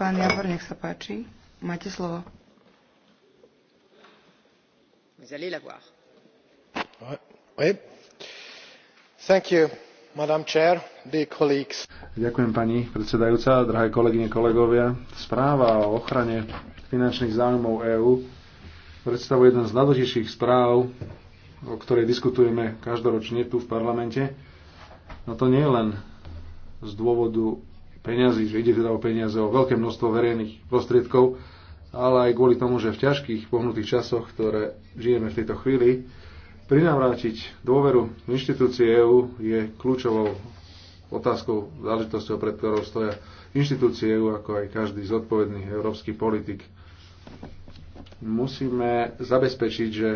Pán Javor, nech sa páči. Máte slovo. Vous allez Oui. Thank you, Chair, dear colleagues. Ďakujem pani predsedajúca, drahé kolegyne, kolegovia. Správa o ochrane finančných záujmov EÚ predstavuje jeden z najdôležitejších správ, o ktorej diskutujeme každoročne tu v parlamente. No to nie je len z dôvodu peniazy, že ide teda o peniaze, o veľké množstvo verejných prostriedkov, ale aj kvôli tomu, že v ťažkých pohnutých časoch, ktoré žijeme v tejto chvíli, prinavrátiť dôveru v inštitúcie EÚ je kľúčovou otázkou, záležitosťou, pred ktorou stoja inštitúcie EÚ, ako aj každý zodpovedný európsky politik. Musíme zabezpečiť, že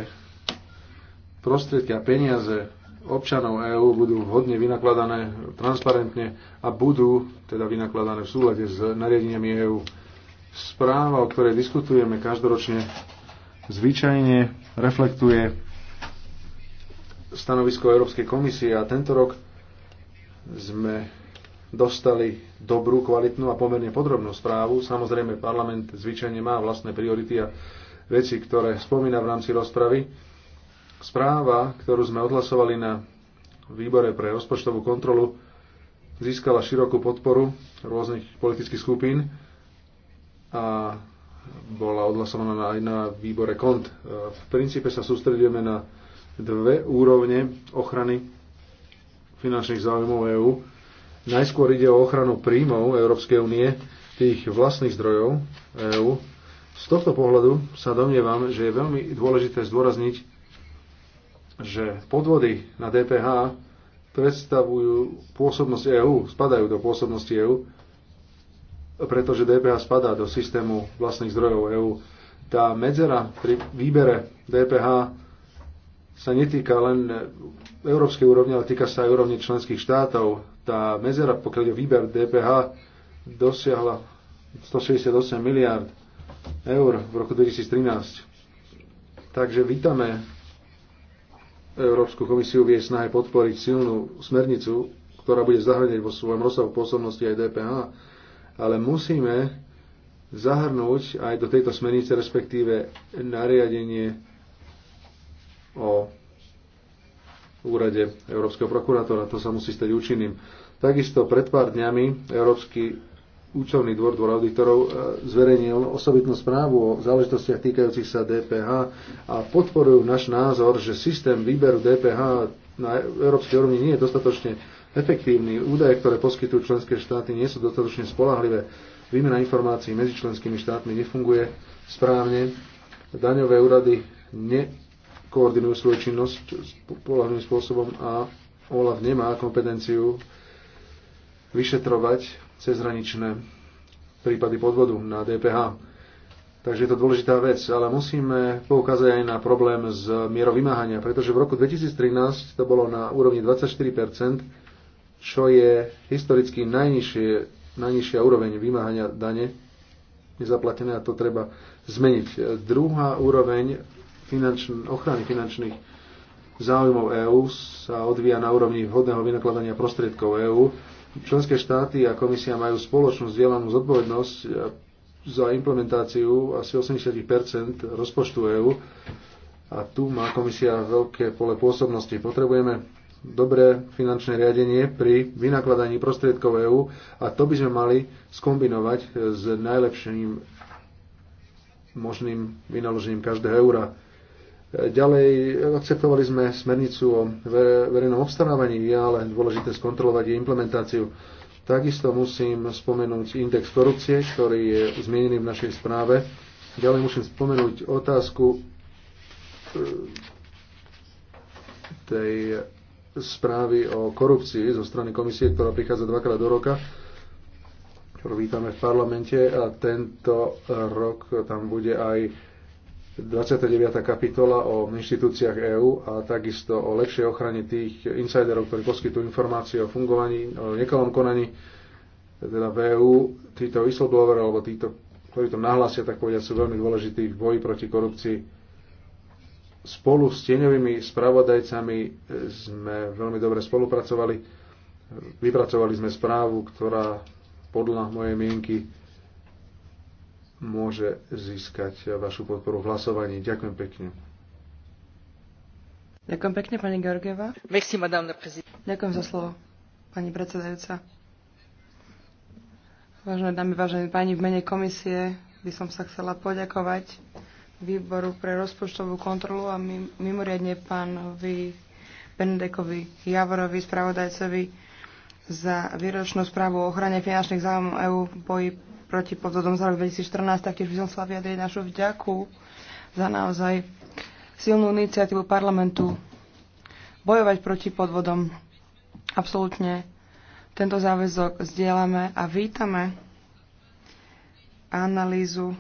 prostriedky a peniaze občanov EÚ budú vhodne vynakladané, transparentne a budú teda vynakladané v súlade s nariadeniami EÚ. Správa, o ktorej diskutujeme každoročne, zvyčajne reflektuje stanovisko Európskej komisie a tento rok sme dostali dobrú, kvalitnú a pomerne podrobnú správu. Samozrejme, parlament zvyčajne má vlastné priority a veci, ktoré spomína v rámci rozpravy Správa, ktorú sme odhlasovali na výbore pre rozpočtovú kontrolu, získala širokú podporu rôznych politických skupín a bola odhlasovaná aj na výbore KONT. V princípe sa sústredujeme na dve úrovne ochrany finančných záujmov EÚ. Najskôr ide o ochranu príjmov Európskej únie, tých vlastných zdrojov EÚ. Z tohto pohľadu sa domnievam, že je veľmi dôležité zdôrazniť že podvody na DPH predstavujú pôsobnosť EÚ, spadajú do pôsobnosti EÚ, pretože DPH spadá do systému vlastných zdrojov EÚ. Tá medzera pri výbere DPH sa netýka len európskej úrovne, ale týka sa aj úrovne členských štátov. Tá medzera, pokiaľ je výber DPH, dosiahla 168 miliard eur v roku 2013. Takže vítame Európsku komisiu vie snahe podporiť silnú smernicu, ktorá bude zahrňať vo svojom rozsahu pôsobnosti aj DPH, ale musíme zahrnúť aj do tejto smernice, respektíve nariadenie o úrade Európskeho prokurátora. To sa musí stať účinným. Takisto pred pár dňami Európsky Účelný dvor, dvor auditorov e, zverejnil osobitnú správu o záležitostiach týkajúcich sa DPH a podporujú náš názor, že systém výberu DPH na európskej úrovni nie je dostatočne efektívny. Údaje, ktoré poskytujú členské štáty, nie sú dostatočne spolahlivé. Výmena informácií medzi členskými štátmi nefunguje správne. Daňové úrady nekoordinujú svoju činnosť spolahlivým spôsobom a OLAV nemá kompetenciu vyšetrovať cezhraničné prípady podvodu na DPH. Takže je to dôležitá vec, ale musíme poukázať aj na problém s mierou vymáhania, pretože v roku 2013 to bolo na úrovni 24%, čo je historicky najnižšie, najnižšia úroveň vymáhania dane nezaplatené a to treba zmeniť. Druhá úroveň finančn- ochrany finančných záujmov EÚ sa odvíja na úrovni vhodného vynakladania prostriedkov EÚ Členské štáty a komisia majú spoločnú zdieľanú zodpovednosť e, za implementáciu asi 80 rozpočtu EÚ a tu má komisia veľké pole pôsobnosti. Potrebujeme dobré finančné riadenie pri vynakladaní prostriedkov EÚ a to by sme mali skombinovať e, s najlepším možným vynaložením každého eura. Ďalej akceptovali sme smernicu o verejnom obstarávaní, je ale dôležité skontrolovať jej implementáciu. Takisto musím spomenúť index korupcie, ktorý je zmienený v našej správe. Ďalej musím spomenúť otázku e, tej správy o korupcii zo strany komisie, ktorá prichádza dvakrát do roka, ktorú vítame v parlamente a tento rok tam bude aj 29. kapitola o inštitúciách EÚ a takisto o lepšej ochrane tých insiderov, ktorí poskytujú informácie o fungovaní, o nekalom konaní, teda v EÚ, títo whistleblower alebo títo, ktorí to nahlásia, tak povedať, sú veľmi dôležití v boji proti korupcii. Spolu s tieňovými spravodajcami e, sme veľmi dobre spolupracovali. Vypracovali sme správu, ktorá podľa mojej mienky môže získať vašu podporu v hlasovaní. Ďakujem pekne. Ďakujem pekne, pani Georgieva. Merci, madame la Ďakujem za slovo, pani predsedajúca. Vážené dámy, vážení páni, v mene komisie by som sa chcela poďakovať výboru pre rozpočtovú kontrolu a mimoriadne pánovi Benedekovi Javorovi, spravodajcovi za výročnú správu o ochrane finančných záujmov EÚ v boji proti podvodom za rok 2014, taktiež by som chcela vyjadriť našu vďaku za naozaj silnú iniciatívu parlamentu bojovať proti podvodom. Absolútne tento záväzok zdieľame a vítame analýzu,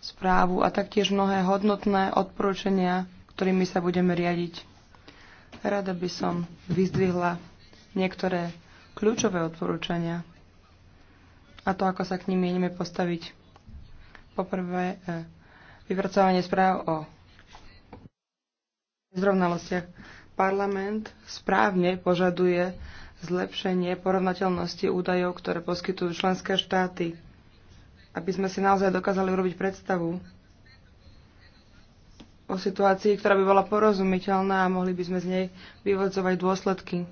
správu a taktiež mnohé hodnotné odporúčania, ktorými sa budeme riadiť. Rada by som vyzdvihla niektoré kľúčové odporúčania a to, ako sa k ním mienime postaviť. Poprvé, e, vypracovanie správ o zrovnalostiach. Parlament správne požaduje zlepšenie porovnateľnosti údajov, ktoré poskytujú členské štáty, aby sme si naozaj dokázali urobiť predstavu o situácii, ktorá by bola porozumiteľná a mohli by sme z nej vyvodzovať dôsledky.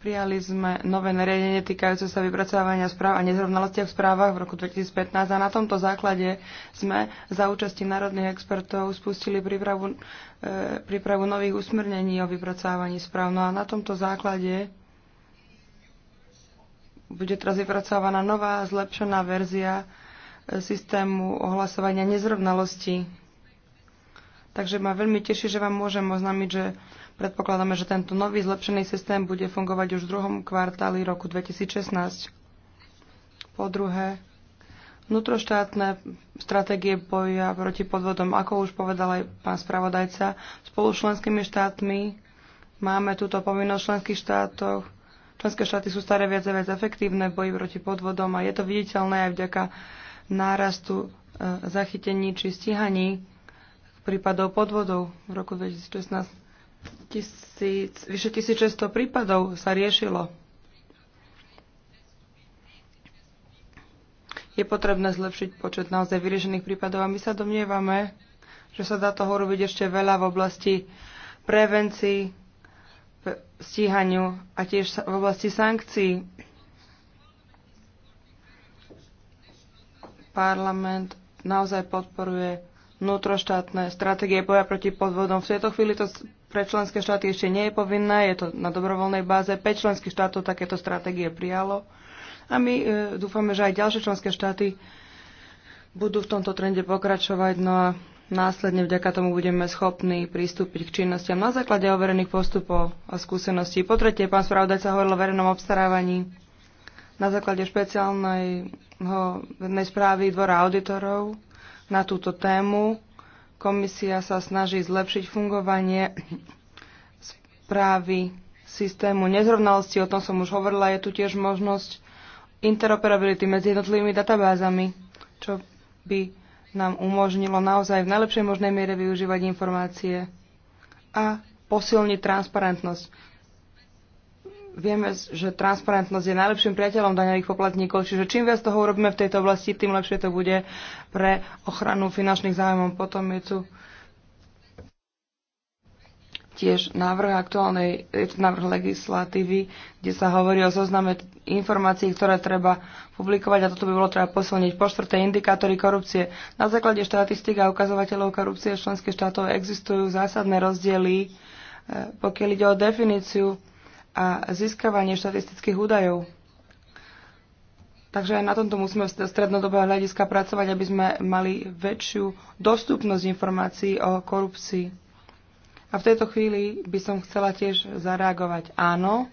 Prijali sme nové nariadenie týkajúce sa vypracovania správ a nezrovnalostiach v správach v roku 2015 a na tomto základe sme za účasti národných expertov spustili prípravu, e, prípravu nových usmernení o vypracovaní správ. No a na tomto základe bude teraz vypracovaná nová zlepšená verzia e, systému ohlasovania nezrovnalostí. Takže ma veľmi teší, že vám môžem oznámiť, že Predpokladáme, že tento nový zlepšený systém bude fungovať už v druhom kvartáli roku 2016. Po druhé, vnútroštátne stratégie boja proti podvodom, ako už povedal aj pán spravodajca, spolu s členskými štátmi máme túto povinnosť v členských štátoch. Členské štáty sú staré viac a viac efektívne v boji proti podvodom a je to viditeľné aj vďaka nárastu e, zachytení či stíhaní prípadov podvodov v roku 2016. Tisíc, vyše 1600 prípadov sa riešilo. Je potrebné zlepšiť počet naozaj vyriešených prípadov a my sa domnievame, že sa dá toho robiť ešte veľa v oblasti prevencii, stíhaniu a tiež v oblasti sankcií. Parlament naozaj podporuje vnútroštátne stratégie boja proti podvodom. V tejto chvíli to pre členské štáty ešte nie je povinná, je to na dobrovoľnej báze. 5 členských štátov takéto stratégie prijalo a my e, dúfame, že aj ďalšie členské štáty budú v tomto trende pokračovať. No a Následne vďaka tomu budeme schopní pristúpiť k činnostiam na základe overených postupov a skúseností. Po tretie, pán spravodajca hovoril o verejnom obstarávaní na základe špeciálnej správy Dvora auditorov na túto tému. Komisia sa snaží zlepšiť fungovanie správy systému nezrovnalosti, o tom som už hovorila, je tu tiež možnosť interoperability medzi jednotlivými databázami, čo by nám umožnilo naozaj v najlepšej možnej miere využívať informácie a posilniť transparentnosť vieme, že transparentnosť je najlepším priateľom daňových poplatníkov, čiže čím viac toho urobíme v tejto oblasti, tým lepšie to bude pre ochranu finančných zájmov. Potom je tu tiež návrh aktuálnej návrh legislatívy, kde sa hovorí o zozname informácií, ktoré treba publikovať a toto by bolo treba posilniť. Po štvrté, indikátory korupcie. Na základe štatistik a ukazovateľov korupcie členských štátov existujú zásadné rozdiely, eh, pokiaľ ide o definíciu a získavanie štatistických údajov. Takže aj na tomto musíme z strednodobého hľadiska pracovať, aby sme mali väčšiu dostupnosť informácií o korupcii. A v tejto chvíli by som chcela tiež zareagovať. Áno,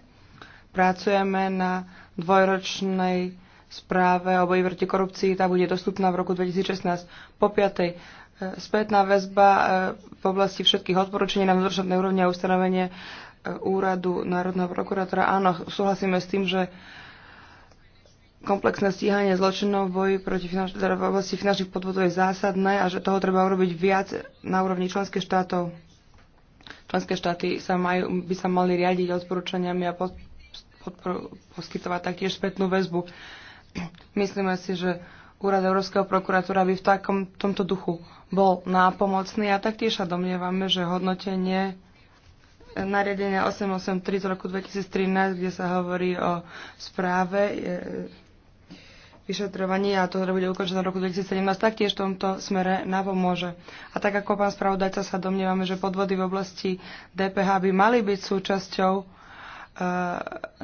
pracujeme na dvojročnej správe o boji proti korupcii, tá bude dostupná v roku 2016. Po piatej, e, spätná väzba e, v oblasti všetkých odporúčení na vnútroštátnej úrovni a ustanovenie úradu Národného prokurátora. Áno, súhlasíme s tým, že komplexné stíhanie zločinov v boji proti finanč- teda oblasti finančných podvodov je zásadné a že toho treba urobiť viac na úrovni členských štátov. Členské štáty sa majú, by sa mali riadiť odporúčaniami a pod, pod, poskytovať taktiež spätnú väzbu. Myslíme si, že Úrad Európskeho prokuratúra by v takom, tomto duchu bol nápomocný a taktiež sa domnievame, že hodnotenie nariadenia 883 z roku 2013, kde sa hovorí o správe e, vyšetrovanie a to ktoré teda bude ukončené v roku 2017, taktiež v tomto smere napomôže. A tak ako pán spravodajca sa domnievame, že podvody v oblasti DPH by mali byť súčasťou e,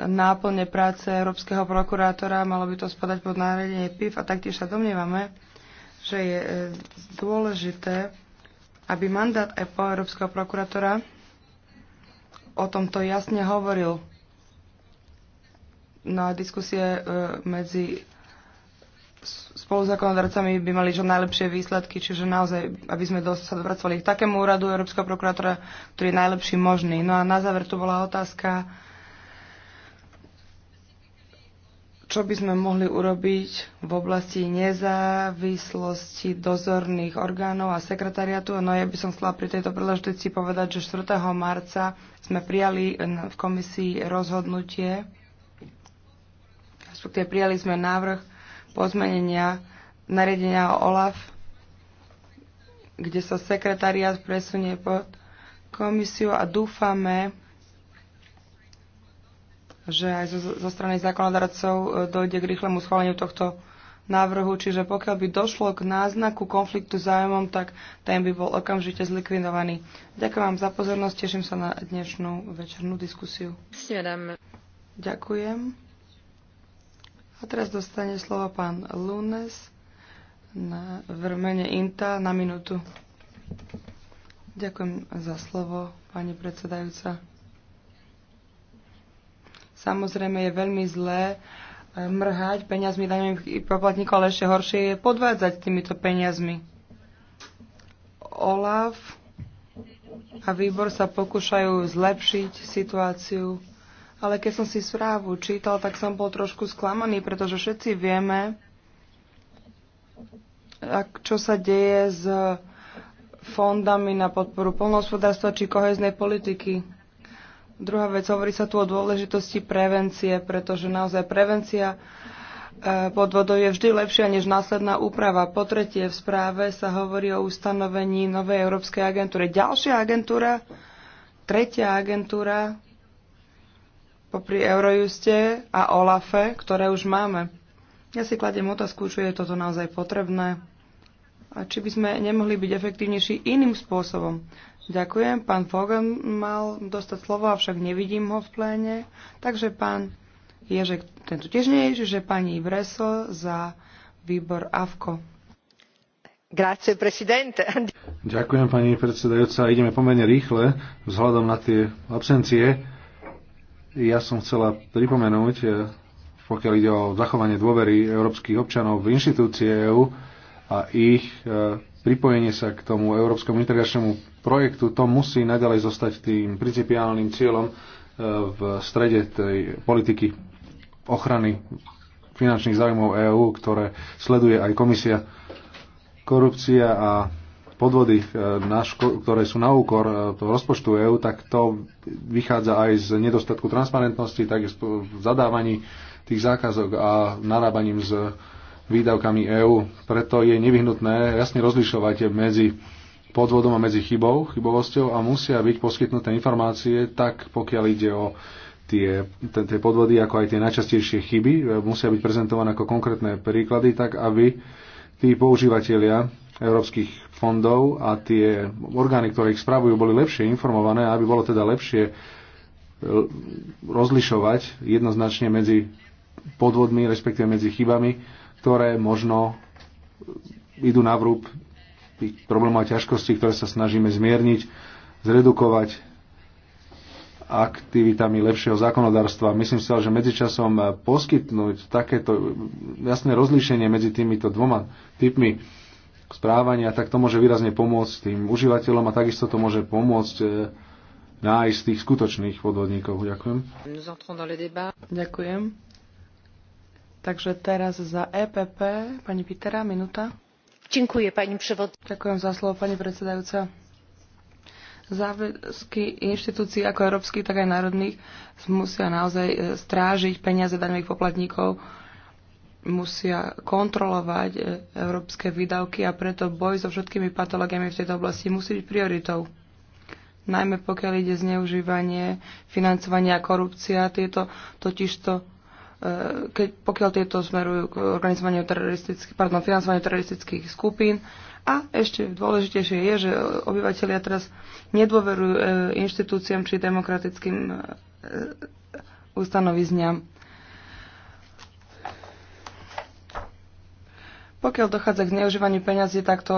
náplne práce Európskeho prokurátora, malo by to spadať pod nariadenie PIF a taktiež sa domnievame, že je e, dôležité, aby mandát EPO Európskeho prokurátora o tomto jasne hovoril na diskusie e, medzi spoluzákonodarcami by mali čo najlepšie výsledky, čiže naozaj, aby sme sa dopracovali k takému úradu Európskeho prokurátora, ktorý je najlepší možný. No a na záver tu bola otázka čo by sme mohli urobiť v oblasti nezávislosti dozorných orgánov a sekretariatu. No ja by som chcela pri tejto príležitosti povedať, že 4. marca sme prijali v komisii rozhodnutie, respektíve prijali sme návrh pozmenenia nariadenia OLAF, kde sa sekretariat presunie pod komisiu a dúfame, že aj zo, zo strany zákonodarcov e, dojde k rýchlemu schváleniu tohto návrhu, čiže pokiaľ by došlo k náznaku konfliktu zájmom, tak ten by bol okamžite zlikvidovaný. Ďakujem vám za pozornosť, teším sa na dnešnú večernú diskusiu. Svedam. Ďakujem. A teraz dostane slovo pán Lunes na vrmene INTA na minútu. Ďakujem za slovo, pani predsedajúca. Samozrejme je veľmi zlé eh, mrhať peniazmi daňových poplatníkov, ale ešte horšie je podvádzať týmito peniazmi. OLAF a výbor sa pokúšajú zlepšiť situáciu, ale keď som si správu čítal, tak som bol trošku sklamaný, pretože všetci vieme, čo sa deje s fondami na podporu polnohospodárstva či koheznej politiky. Druhá vec, hovorí sa tu o dôležitosti prevencie, pretože naozaj prevencia e, podvodov je vždy lepšia než následná úprava. Po tretie, v správe sa hovorí o ustanovení novej Európskej agentúry. Ďalšia agentúra, tretia agentúra popri Eurojuste a OLAFe, ktoré už máme. Ja si kladiem otázku, či je toto naozaj potrebné a či by sme nemohli byť efektívnejší iným spôsobom. Ďakujem. Pán Fogel mal dostať slovo, avšak nevidím ho v pléne. Takže pán Ježek, ten tu tiež nie je, čiže pani Breso za výbor AVKO. Grazie, presidente. Ďakujem, pani predsedajúca. Ideme pomerne rýchle, vzhľadom na tie absencie. Ja som chcela pripomenúť, eh, pokiaľ ide o zachovanie dôvery európskych občanov v inštitúcie EÚ a ich eh, pripojenie sa k tomu európskemu integračnému projektu, to musí naďalej zostať tým principiálnym cieľom e, v strede tej politiky ochrany finančných zájmov EÚ, ktoré sleduje aj komisia. Korupcia a podvody, e, ktoré sú na úkor e, toho rozpočtu EÚ, tak to vychádza aj z nedostatku transparentnosti, tak v zadávaní tých zákazok a narábaním s výdavkami EÚ. Preto je nevyhnutné jasne rozlišovať medzi podvodom a medzi chybou, chybovosťou a musia byť poskytnuté informácie tak, pokiaľ ide o tie, tie podvody, ako aj tie najčastejšie chyby, musia byť prezentované ako konkrétne príklady, tak aby tí používateľia európskych fondov a tie orgány, ktoré ich spravujú, boli lepšie informované, aby bolo teda lepšie e, rozlišovať jednoznačne medzi podvodmi, respektíve medzi chybami ktoré možno idú na vrúb tých problémov a ťažkostí, ktoré sa snažíme zmierniť, zredukovať aktivitami lepšieho zákonodárstva. Myslím si že medzičasom poskytnúť takéto jasné rozlíšenie medzi týmito dvoma typmi správania, tak to môže výrazne pomôcť tým užívateľom a takisto to môže pomôcť e, nájsť tých skutočných podvodníkov. Ďakujem. Ďakujem. Takže teraz za EPP, pani Pitera, minúta. Ďakujem, pani převod. Ďakujem za slovo, pani predsedajúca. Záväzky inštitúcií ako európskych, tak aj národných musia naozaj e, strážiť peniaze daňových poplatníkov, musia kontrolovať e, európske výdavky a preto boj so všetkými patológiami v tejto oblasti musí byť prioritou najmä pokiaľ ide zneužívanie, financovanie a korupcia. Tieto totižto E, keď, pokiaľ tieto smerujú k organizovaniu teroristických, pardon, financovaniu teroristických skupín. A ešte dôležitejšie je, že obyvateľia teraz nedôverujú e, inštitúciám či demokratickým e, ustanovizňam. Pokiaľ dochádza k zneužívaniu peňazí, tak to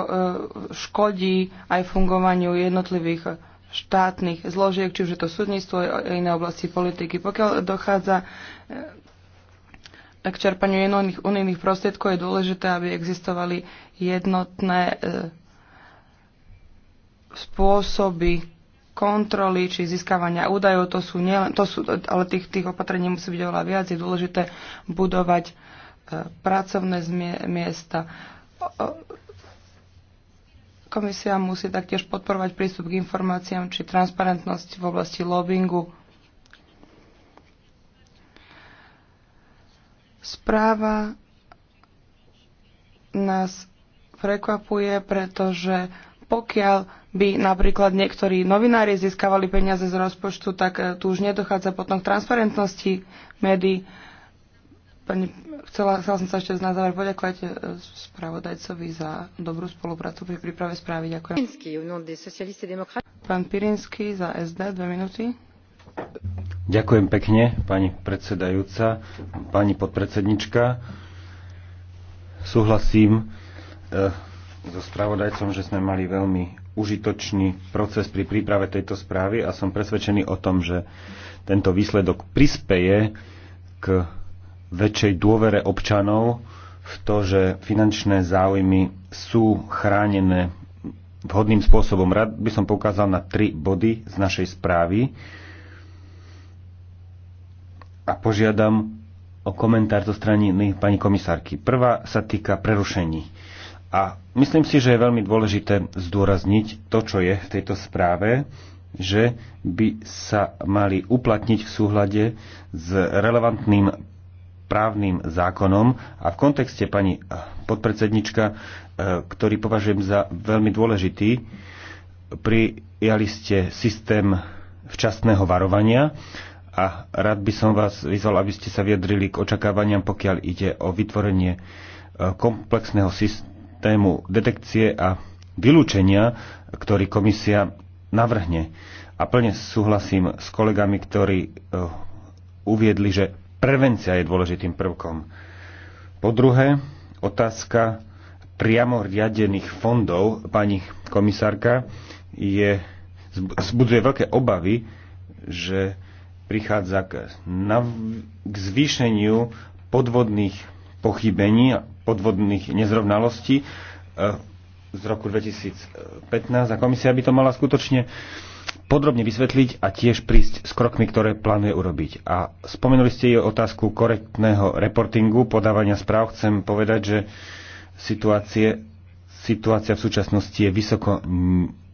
škodí aj fungovaniu jednotlivých štátnych zložiek, či už je to súdnictvo a iné oblasti politiky. Pokiaľ dochádza k čerpaniu jednotných unijných prostriedkov je dôležité, aby existovali jednotné e, spôsoby kontroly či získavania údajov, to sú nielen, to sú, ale tých, tých opatrení musí byť oveľa viac, je dôležité budovať e, pracovné zmie, miesta. O, komisia musí taktiež podporovať prístup k informáciám či transparentnosť v oblasti lobbyingu. Správa nás prekvapuje, pretože pokiaľ by napríklad niektorí novinári získavali peniaze z rozpočtu, tak e, tu už nedochádza potom k transparentnosti médií. Pani, chcela, chcela som sa ešte na záver poďakovať e, spravodajcovi za dobrú spoluprácu pri príprave správy. Ďakujem. Pán Pirinsky za SD, dve minúty. Ďakujem pekne, pani predsedajúca, pani podpredsednička. Súhlasím e, so spravodajcom, že sme mali veľmi užitočný proces pri príprave tejto správy a som presvedčený o tom, že tento výsledok prispeje k väčšej dôvere občanov v to, že finančné záujmy sú chránené vhodným spôsobom. Rád by som poukázal na tri body z našej správy a požiadam o komentár zo strany pani komisárky. Prvá sa týka prerušení. A myslím si, že je veľmi dôležité zdôrazniť to, čo je v tejto správe, že by sa mali uplatniť v súhľade s relevantným právnym zákonom a v kontexte pani eh, podpredsednička, eh, ktorý považujem za veľmi dôležitý, prijali ste systém včasného varovania a rád by som vás vyzval, aby ste sa vyjadrili k očakávaniam, pokiaľ ide o vytvorenie e, komplexného systému detekcie a vylúčenia, ktorý komisia navrhne. A plne súhlasím s kolegami, ktorí e, uviedli, že prevencia je dôležitým prvkom. Po druhé, otázka priamo riadených fondov, pani komisárka, je, zbudzuje veľké obavy, že prichádza k, nav- k zvýšeniu podvodných pochybení, podvodných nezrovnalostí e, z roku 2015 a komisia by to mala skutočne podrobne vysvetliť a tiež prísť s krokmi, ktoré plánuje urobiť. A spomenuli ste jej otázku korektného reportingu, podávania správ. Chcem povedať, že situácie, situácia v súčasnosti je vysoko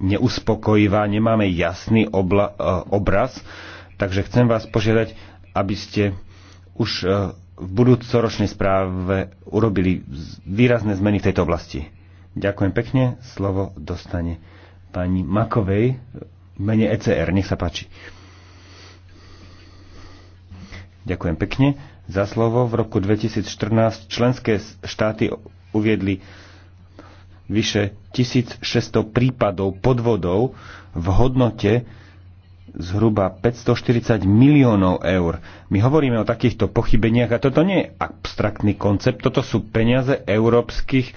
neuspokojivá, nemáme jasný obla, e, obraz Takže chcem vás požiadať, aby ste už e, v budúcoročnej správe urobili výrazné zmeny v tejto oblasti. Ďakujem pekne. Slovo dostane pani Makovej v mene ECR. Nech sa páči. Ďakujem pekne. Za slovo v roku 2014 členské štáty uviedli vyše 1600 prípadov podvodov v hodnote zhruba 540 miliónov eur. My hovoríme o takýchto pochybeniach a toto nie je abstraktný koncept, toto sú peniaze európskych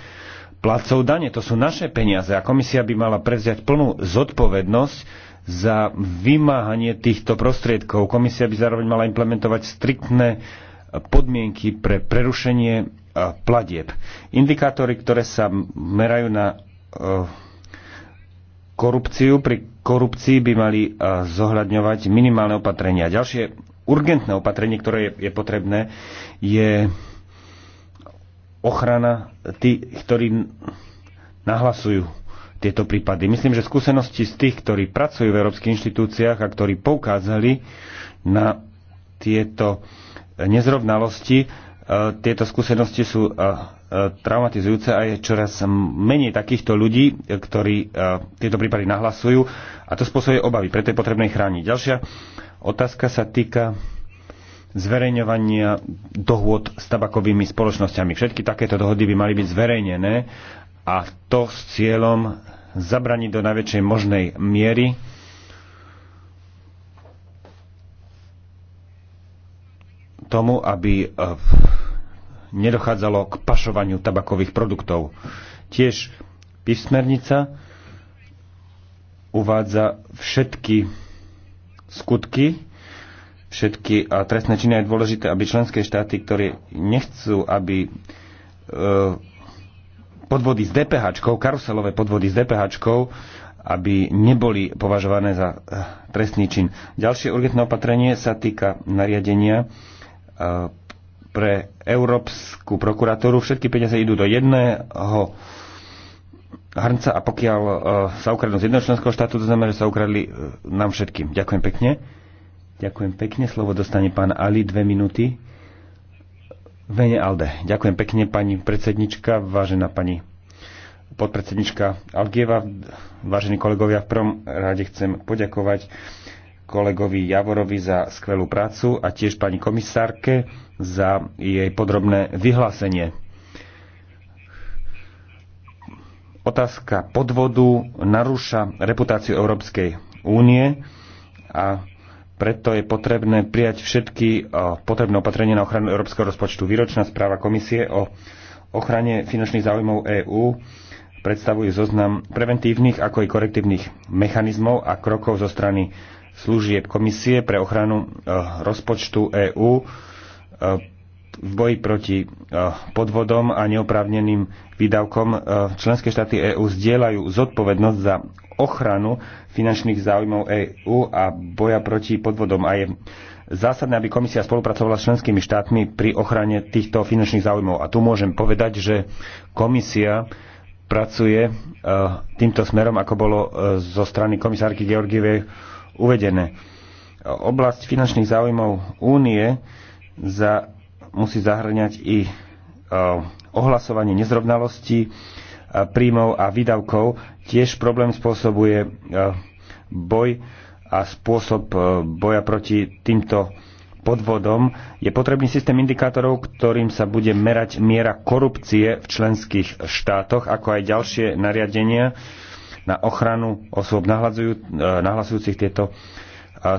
placov dane, to sú naše peniaze a komisia by mala prevziať plnú zodpovednosť za vymáhanie týchto prostriedkov. Komisia by zároveň mala implementovať striktné podmienky pre prerušenie e, platieb. Indikátory, ktoré sa merajú na e, korupciu pri korupcii by mali e, zohľadňovať minimálne opatrenia. Ďalšie urgentné opatrenie, ktoré je, je potrebné, je ochrana tých, ktorí nahlasujú tieto prípady. Myslím, že skúsenosti z tých, ktorí pracujú v európskych inštitúciách a ktorí poukázali na tieto nezrovnalosti, e, tieto skúsenosti sú e, traumatizujúce a je čoraz menej takýchto ľudí, ktorí e, tieto prípady nahlasujú a to spôsobuje obavy, preto je potrebné ich chrániť. Ďalšia otázka sa týka zverejňovania dohôd s tabakovými spoločnosťami. Všetky takéto dohody by mali byť zverejnené a to s cieľom zabraniť do najväčšej možnej miery tomu, aby e, nedochádzalo k pašovaniu tabakových produktov. Tiež písmernica uvádza všetky skutky, všetky a trestné činy je dôležité, aby členské štáty, ktoré nechcú, aby e, podvody s DPH, karuselové podvody s DPH, aby neboli považované za e, trestný čin. Ďalšie urgentné opatrenie sa týka nariadenia e, pre Európsku prokuratúru. Všetky peniaze idú do jedného hrnca a pokiaľ uh, sa ukradnú z jedného členského štátu, to znamená, že sa ukradli uh, nám všetkým. Ďakujem pekne. Ďakujem pekne. Slovo dostane pán Ali, dve minúty. Vene Alde. Ďakujem pekne, pani predsednička, vážená pani podpredsednička Algieva, vážení kolegovia, v prvom rade chcem poďakovať kolegovi Javorovi za skvelú prácu a tiež pani komisárke za jej podrobné vyhlásenie. Otázka podvodu narúša reputáciu Európskej únie a preto je potrebné prijať všetky eh, potrebné opatrenia na ochranu európskeho rozpočtu. Výročná správa komisie o ochrane finančných záujmov EÚ predstavuje zoznam preventívnych ako i korektívnych mechanizmov a krokov zo strany služieb Komisie pre ochranu eh, rozpočtu EÚ eh, v boji proti eh, podvodom a neoprávneným výdavkom členské štáty EÚ zdieľajú zodpovednosť za ochranu finančných záujmov EÚ a boja proti podvodom a je zásadné, aby komisia spolupracovala s členskými štátmi pri ochrane týchto finančných záujmov. A tu môžem povedať, že komisia pracuje týmto smerom, ako bolo zo strany komisárky Georgievej uvedené. Oblasť finančných záujmov únie za, musí zahrňať i e, ohlasovanie nezrovnalostí e, príjmov a výdavkov. Tiež problém spôsobuje e, boj a spôsob boja proti týmto podvodom. Je potrebný systém indikátorov, ktorým sa bude merať miera korupcie v členských štátoch, ako aj ďalšie nariadenia, na ochranu osôb e, nahlasujúcich tieto e,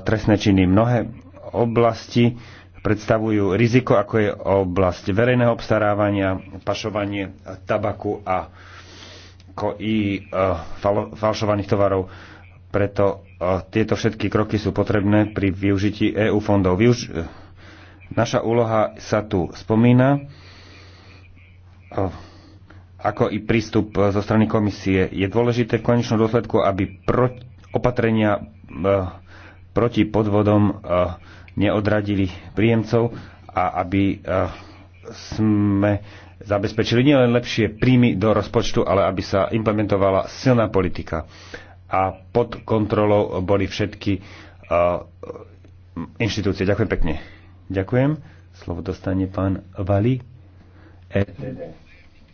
trestné činy. Mnohé oblasti predstavujú riziko, ako je oblasť verejného obstarávania, pašovanie tabaku a i e, falšovaných tovarov. Preto tieto všetky kroky sú potrebné pri využití EU fondov. Využ... Naša úloha sa tu spomína ako i prístup e, zo strany komisie. Je dôležité v konečnom dôsledku, aby proti, opatrenia e, proti podvodom e, neodradili príjemcov a aby sme zabezpečili nielen lepšie príjmy do rozpočtu, ale aby sa implementovala silná politika a pod kontrolou boli všetky inštitúcie. Ďakujem pekne. Ďakujem. Slovo dostane pán Vali. E-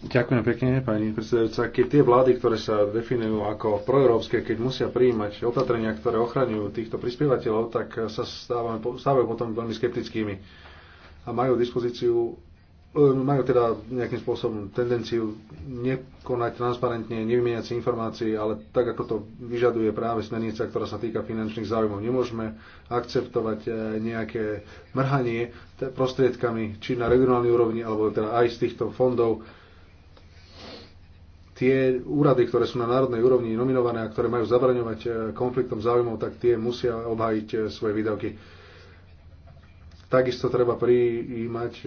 Ďakujem pekne, pani predsedajúca. Keď tie vlády, ktoré sa definujú ako proeurópske, keď musia prijímať opatrenia, ktoré ochraňujú týchto prispievateľov, tak sa stávame, stávajú potom veľmi skeptickými a majú dispozíciu majú teda nejakým spôsobom tendenciu nekonať transparentne, nevymieňať si informácií, ale tak, ako to vyžaduje práve smernica, ktorá sa týka finančných záujmov. Nemôžeme akceptovať eh, nejaké mrhanie prostriedkami, či na regionálnej úrovni, alebo teda aj z týchto fondov, tie úrady, ktoré sú na národnej úrovni nominované a ktoré majú zabraňovať e, konfliktom záujmov, tak tie musia obhájiť e, svoje výdavky. Takisto treba prijímať e,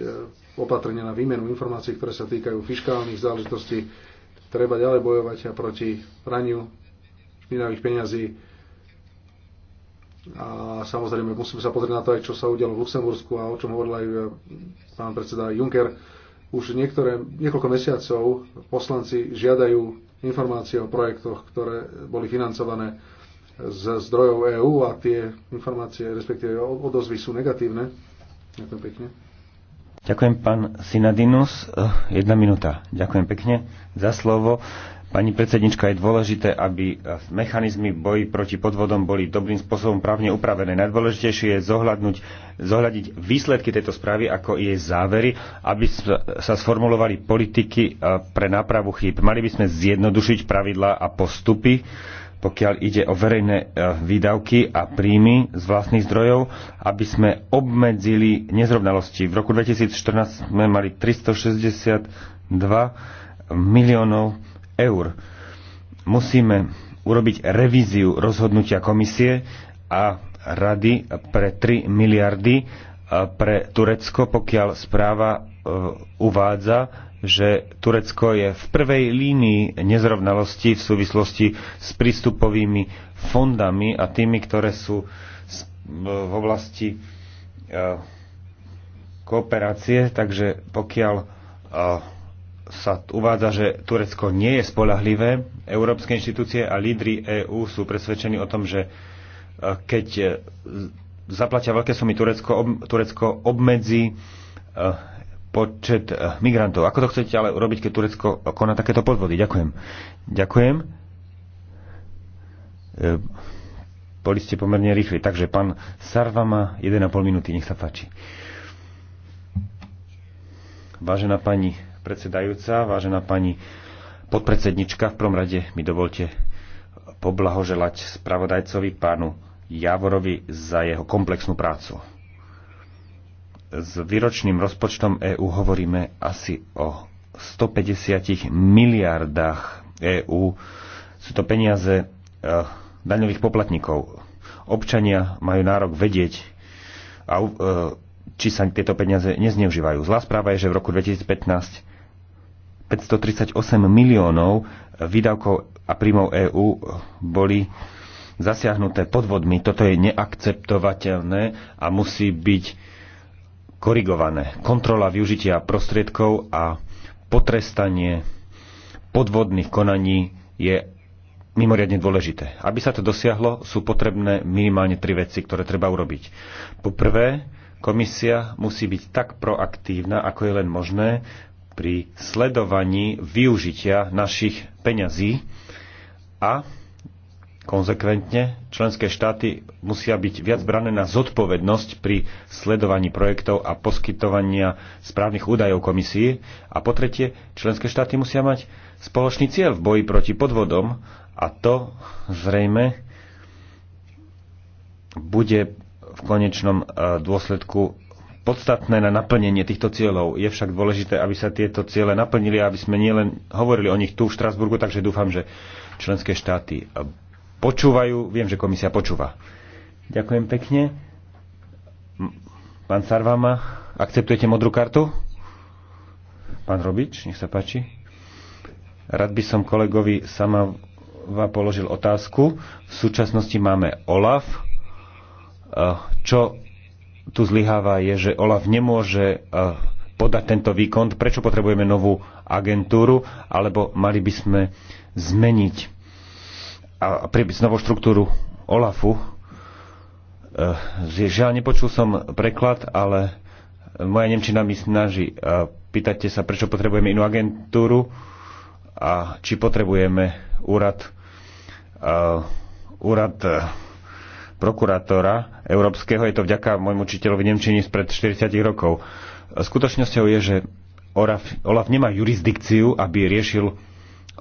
opatrenia na výmenu informácií, ktoré sa týkajú fiskálnych záležitostí. Treba ďalej bojovať proti praniu špinavých peňazí. A samozrejme, musíme sa pozrieť na to aj, čo sa udialo v Luxembursku a o čom hovoril aj pán predseda Juncker už niektoré, niekoľko mesiacov poslanci žiadajú informácie o projektoch, ktoré boli financované z zdrojov EÚ a tie informácie, respektíve odozvy sú negatívne. Ďakujem pekne. Ďakujem pán Sinadinus. Eh, jedna minúta. Ďakujem pekne za slovo. Pani predsednička, je dôležité, aby mechanizmy boji proti podvodom boli dobrým spôsobom právne upravené. Najdôležitejšie je zohľadnúť, zohľadiť výsledky tejto správy, ako i jej závery, aby sa sformulovali politiky e, pre nápravu chýb. Mali by sme zjednodušiť pravidlá a postupy, pokiaľ ide o verejné e, výdavky a príjmy z vlastných zdrojov, aby sme obmedzili nezrovnalosti. V roku 2014 sme mali 362 miliónov eur. Musíme urobiť revíziu rozhodnutia komisie a rady pre 3 miliardy e, pre Turecko, pokiaľ správa e, uvádza, že Turecko je v prvej línii nezrovnalosti v súvislosti s prístupovými fondami a tými, ktoré sú v oblasti e, kooperácie, takže pokiaľ sa uvádza, že Turecko nie je spolahlivé. Európske inštitúcie a lídry EÚ sú presvedčení o tom, že e, keď e, zaplatia veľké sumy Turecko, ob, Turecko obmedzí e, počet migrantov. Ako to chcete ale urobiť, keď Turecko koná takéto podvody? Ďakujem. Ďakujem. Boli ste pomerne rýchli. Takže pán Sarva má 1,5 minúty. Nech sa páči. Vážená pani predsedajúca, vážená pani podpredsednička. V prvom rade mi dovolte poblahoželať spravodajcovi pánu Javorovi za jeho komplexnú prácu. S výročným rozpočtom EÚ hovoríme asi o 150 miliardách EÚ. Sú to peniaze eh, daňových poplatníkov. Občania majú nárok vedieť, a, eh, či sa tieto peniaze nezneužívajú. Zlá správa je, že v roku 2015 538 miliónov výdavkov a príjmov EÚ boli zasiahnuté podvodmi. Toto je neakceptovateľné a musí byť korigované. Kontrola využitia prostriedkov a potrestanie podvodných konaní je mimoriadne dôležité. Aby sa to dosiahlo, sú potrebné minimálne tri veci, ktoré treba urobiť. Po prvé, komisia musí byť tak proaktívna, ako je len možné pri sledovaní využitia našich peňazí a konzekventne členské štáty musia byť viac brané na zodpovednosť pri sledovaní projektov a poskytovania správnych údajov komisii a po tretie členské štáty musia mať spoločný cieľ v boji proti podvodom a to zrejme bude v konečnom e, dôsledku podstatné na naplnenie týchto cieľov. Je však dôležité, aby sa tieto ciele naplnili a aby sme nielen hovorili o nich tu v Štrasburgu, takže dúfam, že členské štáty počúvajú. Viem, že komisia počúva. Ďakujem pekne. Pán Sarvama, akceptujete modrú kartu? Pán Robič, nech sa páči. Rád by som kolegovi Samava položil otázku. V súčasnosti máme OLAF, e, čo tu zlyháva, je, že OLAF nemôže e, podať tento výkon, prečo potrebujeme novú agentúru, alebo mali by sme zmeniť a pribyť novú štruktúru OLAFu. E, žiaľ, nepočul som preklad, ale moja Nemčina mi snaží. E, pýtate sa, prečo potrebujeme inú agentúru a či potrebujeme úrad, úrad prokurátora európskeho. Je to vďaka môjmu učiteľovi v spred 40 rokov. Skutočnosťou je, že Olaf nemá jurisdikciu, aby riešil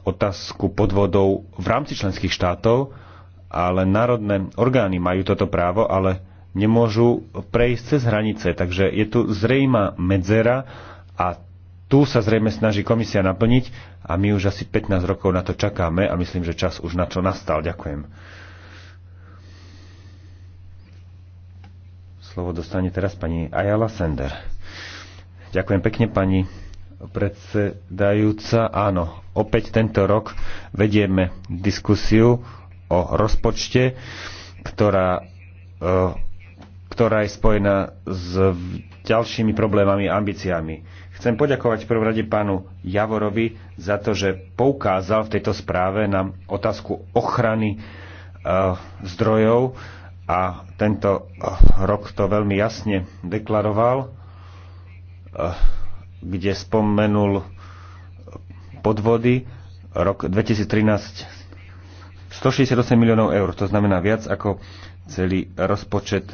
otázku podvodov v rámci členských štátov, ale národné orgány majú toto právo, ale nemôžu prejsť cez hranice. Takže je tu zrejma medzera a tu sa zrejme snaží komisia naplniť a my už asi 15 rokov na to čakáme a myslím, že čas už na čo nastal. Ďakujem. Slovo dostane teraz pani Ayala Sender. Ďakujem pekne, pani predsedajúca. Áno, opäť tento rok vedieme diskusiu o rozpočte, ktorá, e, ktorá je spojená s ďalšími problémami a ambíciami. Chcem poďakovať v prvom rade pánu Javorovi za to, že poukázal v tejto správe na otázku ochrany e, zdrojov a tento rok to veľmi jasne deklaroval, eh, kde spomenul podvody rok 2013 168 miliónov eur, to znamená viac ako celý rozpočet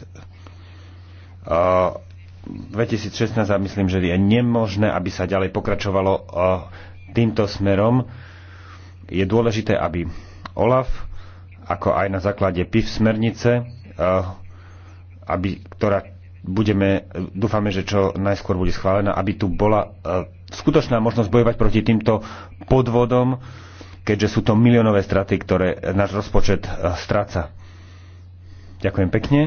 2016 eh, a myslím, že je nemožné, aby sa ďalej pokračovalo eh, týmto smerom. Je dôležité, aby OLAF, ako aj na základe PIF smernice, aby, ktorá budeme, dúfame, že čo najskôr bude schválená, aby tu bola e, skutočná možnosť bojovať proti týmto podvodom, keďže sú to miliónové straty, ktoré náš rozpočet e, stráca. Ďakujem pekne.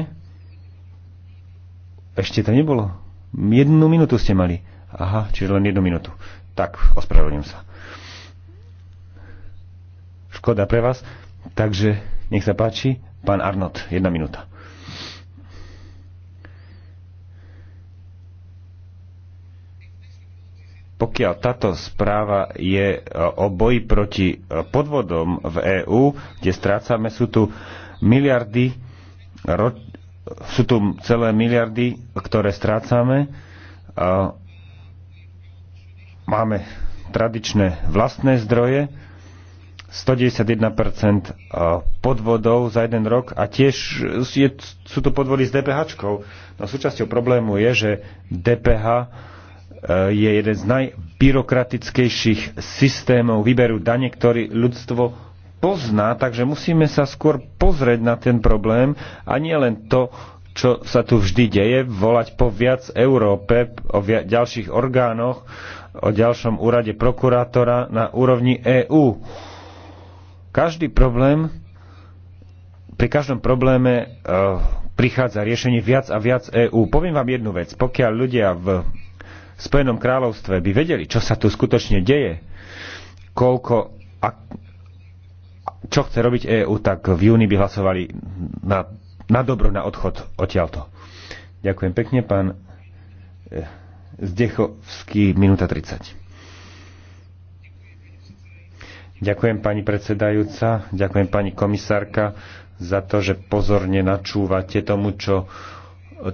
Ešte to nebolo. Jednu minútu ste mali. Aha, čiže len jednu minútu. Tak, ospravedlňujem sa. Škoda pre vás. Takže nech sa páči, Pán Arnott, jedna minúta. pokiaľ táto správa je e, o boji proti e, podvodom v EÚ, kde strácame, sú tu miliardy, ro, sú tu celé miliardy, ktoré strácame. E, máme tradičné vlastné zdroje, 191% e, podvodov za jeden rok a tiež je, sú to podvody s DPH. No súčasťou problému je, že DPH e, je jeden z najbyrokratickejších systémov výberu dane, ktorý ľudstvo pozná, takže musíme sa skôr pozrieť na ten problém a nie len to, čo sa tu vždy deje, volať po viac Európe, o via- ďalších orgánoch, o ďalšom úrade prokurátora na úrovni EÚ každý problém, pri každom probléme uh, prichádza riešenie viac a viac EÚ. Poviem vám jednu vec. Pokiaľ ľudia v Spojenom kráľovstve by vedeli, čo sa tu skutočne deje, koľko a čo chce robiť EÚ, tak v júni by hlasovali na, na dobro na odchod odtiaľto. Ďakujem pekne, pán e, Zdechovský, minúta 30. Ďakujem pani predsedajúca, ďakujem pani komisárka za to, že pozorne načúvate tomu, čo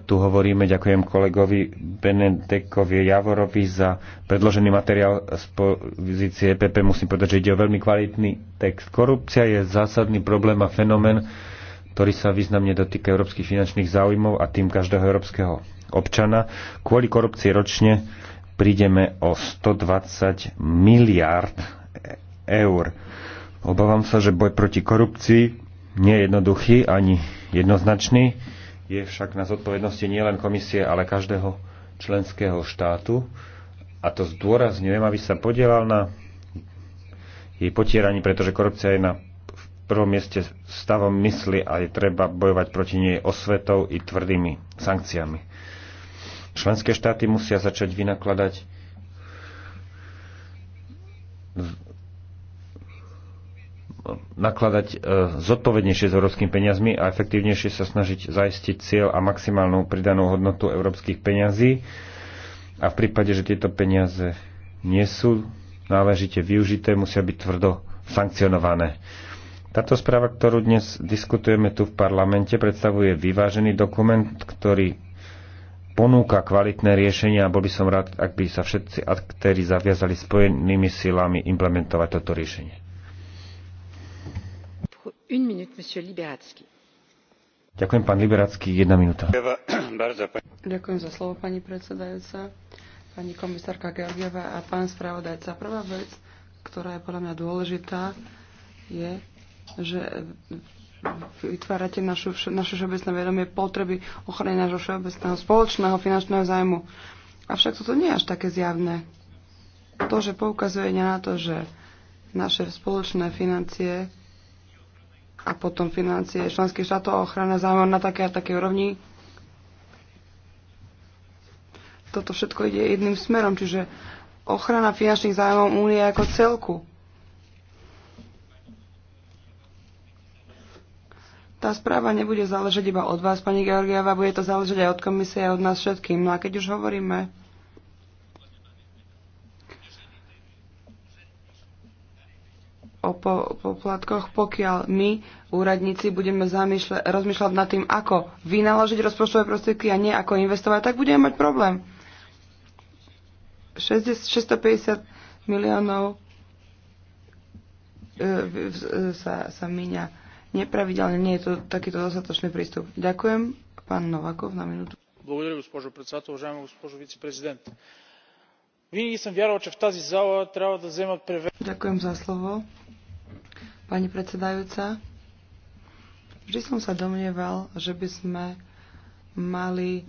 tu hovoríme. Ďakujem kolegovi Benedekovi Javorovi za predložený materiál z pozície PP. E Musím povedať, že ide o veľmi kvalitný text. Korupcia je zásadný problém a fenomén, ktorý sa významne dotýka európskych finančných záujmov a tým každého európskeho občana. Kvôli korupcii ročne prídeme o 120 miliárd eur. Obávam sa, že boj proti korupcii nie je jednoduchý ani jednoznačný. Je však na zodpovednosti nielen komisie, ale každého členského štátu. A to zdôrazňujem, aby sa podielal na jej potieraní, pretože korupcia je na v prvom mieste stavom mysli a je treba bojovať proti nej osvetou i tvrdými sankciami. Členské štáty musia začať vynakladať nakladať e, zodpovednejšie s európskymi peniazmi a efektívnejšie sa snažiť zaistiť cieľ a maximálnu pridanú hodnotu európskych peňazí. A v prípade, že tieto peniaze nie sú náležite využité, musia byť tvrdo sankcionované. Táto správa, ktorú dnes diskutujeme tu v parlamente, predstavuje vyvážený dokument, ktorý ponúka kvalitné riešenia a bol by som rád, ak by sa všetci aktéry zaviazali spojenými silami implementovať toto riešenie. Ďakujem za slovo, pani predsedajúca, pani komisárka Georgieva a pán spravodajca. Prvá vec, ktorá je podľa mňa dôležitá, je, že vytvárate našu, naše všeobecné vedomie potreby ochrany nášho všeobecného spoločného finančného zájmu. Avšak toto nie je až také zjavné. To, že poukazuje na to, že naše spoločné financie a potom financie členských štátov a ochrana záujmov na také a také úrovni. Toto všetko ide jedným smerom, čiže ochrana finančných záujmov únie ako celku. Tá správa nebude záležať iba od vás, pani Georgiava, bude to záležať aj od komisie a od nás všetkým. No a keď už hovoríme po, poplatkoch, pokiaľ my, úradníci, budeme rozmýšľať nad tým, ako vynaložiť rozpočtové prostriedky a nie ako investovať, tak budeme mať problém. 650 miliónov e, sa, sa míňa nepravidelne. Nie je to takýto dostatočný prístup. Ďakujem. Pán Novakov na minútu. Благодаря, госпожо председател. Уважаема госпожо вице-президент. Винаги съм вярвал, че в тази зала трябва да вземат превес. Ďakujem за слово pani predsedajúca. Vždy som sa domnieval, že by sme mali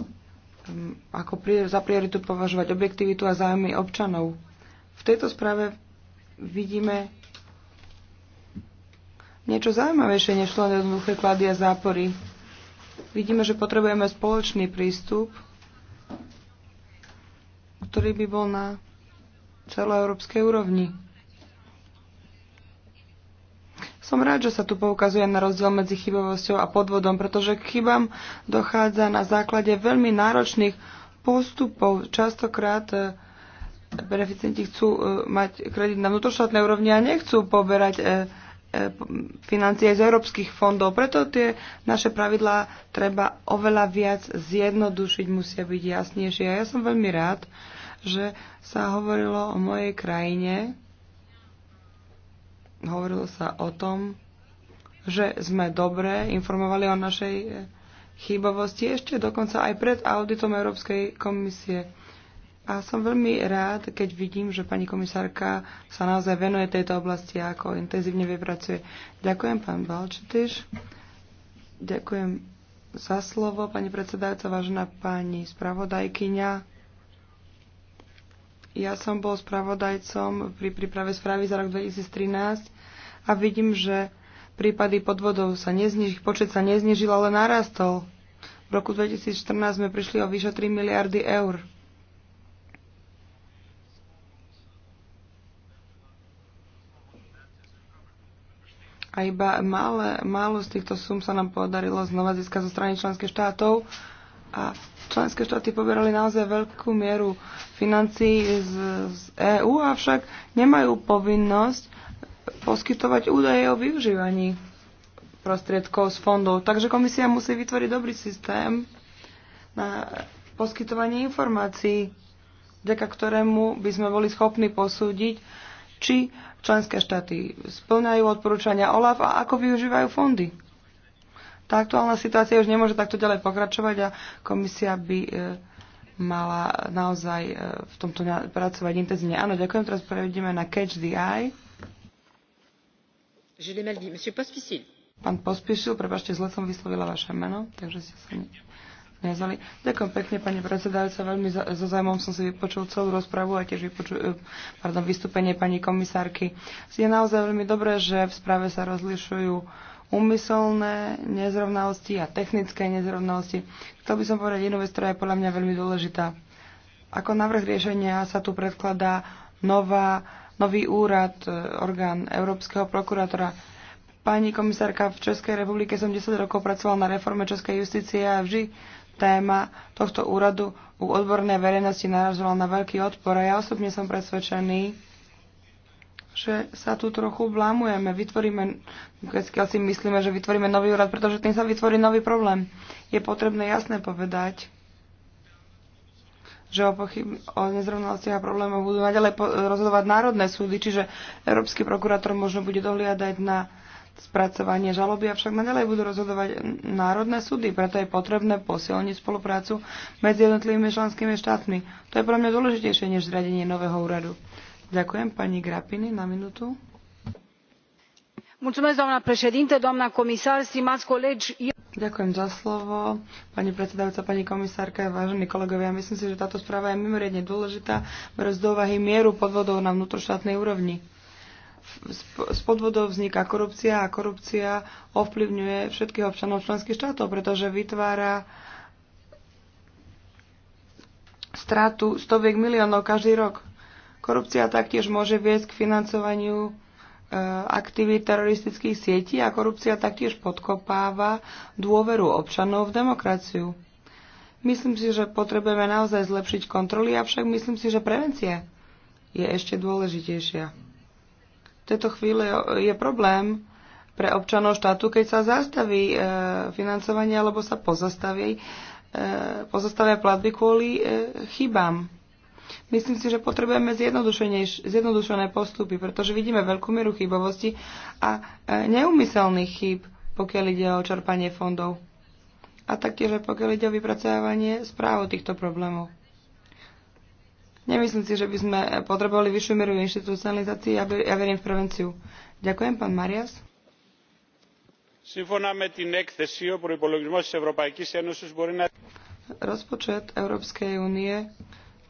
mm, ako prior, za prioritu považovať objektivitu a zájmy občanov. V tejto správe vidíme niečo zaujímavejšie než len jednoduché klady a zápory. Vidíme, že potrebujeme spoločný prístup, ktorý by bol na celoeurópskej úrovni. Som rád, že sa tu poukazuje na rozdiel medzi chybovosťou a podvodom, pretože k chybám dochádza na základe veľmi náročných postupov. Častokrát e, beneficenti chcú e, mať kredit na vnútroštátnej úrovni a nechcú poberať e, financie z európskych fondov. Preto tie naše pravidlá treba oveľa viac zjednodušiť, musia byť jasnejšie. A ja som veľmi rád, že sa hovorilo o mojej krajine hovorilo sa o tom, že sme dobre informovali o našej chýbavosti ešte dokonca aj pred auditom Európskej komisie. A som veľmi rád, keď vidím, že pani komisárka sa naozaj venuje tejto oblasti a ako intenzívne vypracuje. Ďakujem, pán Balčitiš. Ďakujem za slovo, pani predsedajúca, vážená pani spravodajkyňa. Ja som bol spravodajcom pri príprave správy za rok 2013 a vidím, že prípady podvodov sa neznižil, počet sa neznižil, ale narastol. V roku 2014 sme prišli o vyše 3 miliardy eur. A iba málo z týchto sum sa nám podarilo znova získať zo strany členských štátov a členské štáty poberali naozaj veľkú mieru financií z, z EÚ, avšak nemajú povinnosť poskytovať údaje o využívaní prostriedkov z fondov. Takže komisia musí vytvoriť dobrý systém na poskytovanie informácií, vďaka ktorému by sme boli schopní posúdiť, či členské štáty splňajú odporúčania OLAF a ako využívajú fondy. Tá aktuálna situácia už nemôže takto ďalej pokračovať a komisia by e, mala naozaj e, v tomto pracovať intenzívne. Áno, ďakujem. Teraz prejdeme na Catch the Eye. Je l'ai mal dit. Monsieur Pospisil. Pán Pospisil, prepašte, zle som vyslovila vaše meno, takže ste sa ne, nezali. Ďakujem pekne, pani predsedajúca. Veľmi za, so zájmom som si vypočul celú rozpravu a tiež vypočul, e, pardon, vystúpenie pani komisárky. Je naozaj veľmi dobré, že v správe sa rozlišujú umyselné nezrovnalosti a technické nezrovnalosti. Chcel by som povedať jednu vec, ktorá je podľa mňa veľmi dôležitá. Ako návrh riešenia sa tu predkladá nová, nový úrad, e, orgán Európskeho prokurátora. Pani komisárka, v Českej republike som 10 rokov pracovala na reforme Českej justície a vždy téma tohto úradu u odbornej verejnosti narazila na veľký odpor a ja osobne som presvedčený, že sa tu trochu blámujeme. Vytvoríme, keď si myslíme, že vytvoríme nový úrad, pretože tým sa vytvorí nový problém. Je potrebné jasne povedať, že o, pochyb- o nezrovnalostiach a problémoch budú naďalej rozhodovať národné súdy, čiže Európsky prokurátor možno bude dohliadať na spracovanie žaloby, avšak naďalej budú rozhodovať národné súdy, preto je potrebné posilniť spoluprácu medzi jednotlivými členskými štátmi. To je pre mňa dôležitejšie než zriadenie nového úradu. Ďakujem pani Grapini na minútu. Mulțumesc, doamna președintă, doamna comisar, stimați colegi. Ďakujem za slovo. Pani predsedajúca, pani komisárka, vážení kolegovia, myslím si, že táto správa je mimoriadne dôležitá, berúc do úvahy mieru podvodov na vnútroštátnej úrovni. Z podvodov vzniká korupcia a korupcia ovplyvňuje všetkých občanov členských štátov, pretože vytvára stratu stoviek miliónov každý rok. Korupcia taktiež môže viesť k financovaniu e, aktivít teroristických sietí a korupcia taktiež podkopáva dôveru občanov v demokraciu. Myslím si, že potrebujeme naozaj zlepšiť kontroly, avšak myslím si, že prevencia je ešte dôležitejšia. V tejto chvíli je problém pre občanov štátu, keď sa zastaví e, financovanie alebo sa pozastaví, e, pozastavia platby kvôli chybám. Myslím si, že potrebujeme zjednodušené postupy, pretože vidíme veľkú mieru chybovosti a e, neumyselných chýb, pokiaľ ide o čerpanie fondov. A taktiež pokiaľ ide o vypracovanie správ o týchto problémov. Nemyslím si, že by sme e, potrebovali vyššiu mieru inštitucionalizácií. Ja, ja verím v prevenciu. Ďakujem, pán Marias. Rozpočet Európskej únie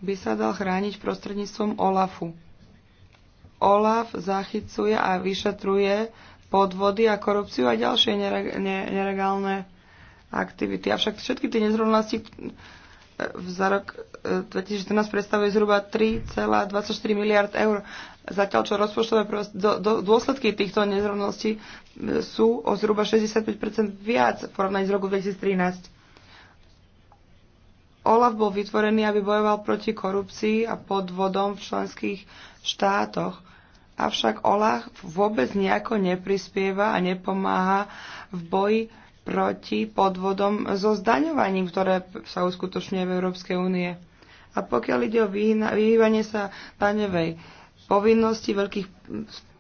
by sa dal chrániť prostredníctvom OLAFu. OLAF zachycuje a vyšetruje podvody a korupciu a ďalšie nelegálne aktivity. Avšak všetky tie nezrovnalosti e, za rok 2014 e, predstavuje zhruba 3,24 miliard eur, zatiaľ čo rozpočtové dôsledky týchto nezrovností e, sú o zhruba 65 viac v porovnaní s roku 2013 OLAF bol vytvorený, aby bojoval proti korupcii a podvodom v členských štátoch. Avšak OLAF vôbec nejako neprispieva a nepomáha v boji proti podvodom so zdaňovaním, ktoré sa uskutočňuje v Európskej únie. A pokiaľ ide o vyhývanie sa daňovej povinnosti veľkých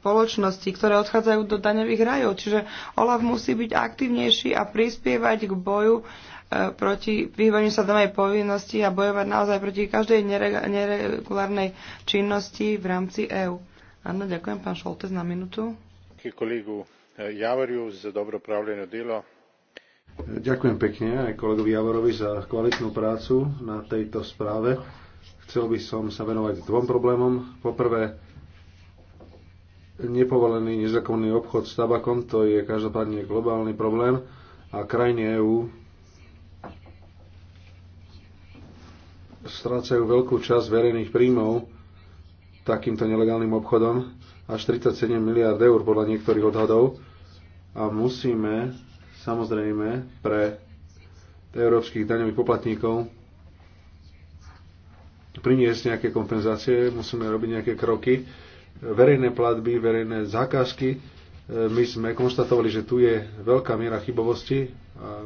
spoločností, ktoré odchádzajú do daňových rajov. Čiže OLAF musí byť aktívnejší a prispievať k boju E, proti vyhýbaniu sa danej povinnosti a bojovať naozaj proti každej neregulárnej činnosti v rámci EÚ. Áno, ďakujem pán Šoltes na minútu. Kolegu e, Javoriu za Ďakujem pekne aj kolegovi Javorovi za kvalitnú prácu na tejto správe. Chcel by som sa venovať dvom problémom. Poprvé, nepovolený nezákonný obchod s tabakom, to je každopádne globálny problém a krajiny EÚ strácajú veľkú časť verejných príjmov takýmto nelegálnym obchodom, až 37 miliard eur podľa niektorých odhadov. A musíme, samozrejme, pre európskych daňových poplatníkov priniesť nejaké kompenzácie, musíme robiť nejaké kroky. Verejné platby, verejné zákazky, e, my sme konštatovali, že tu je veľká miera chybovosti, a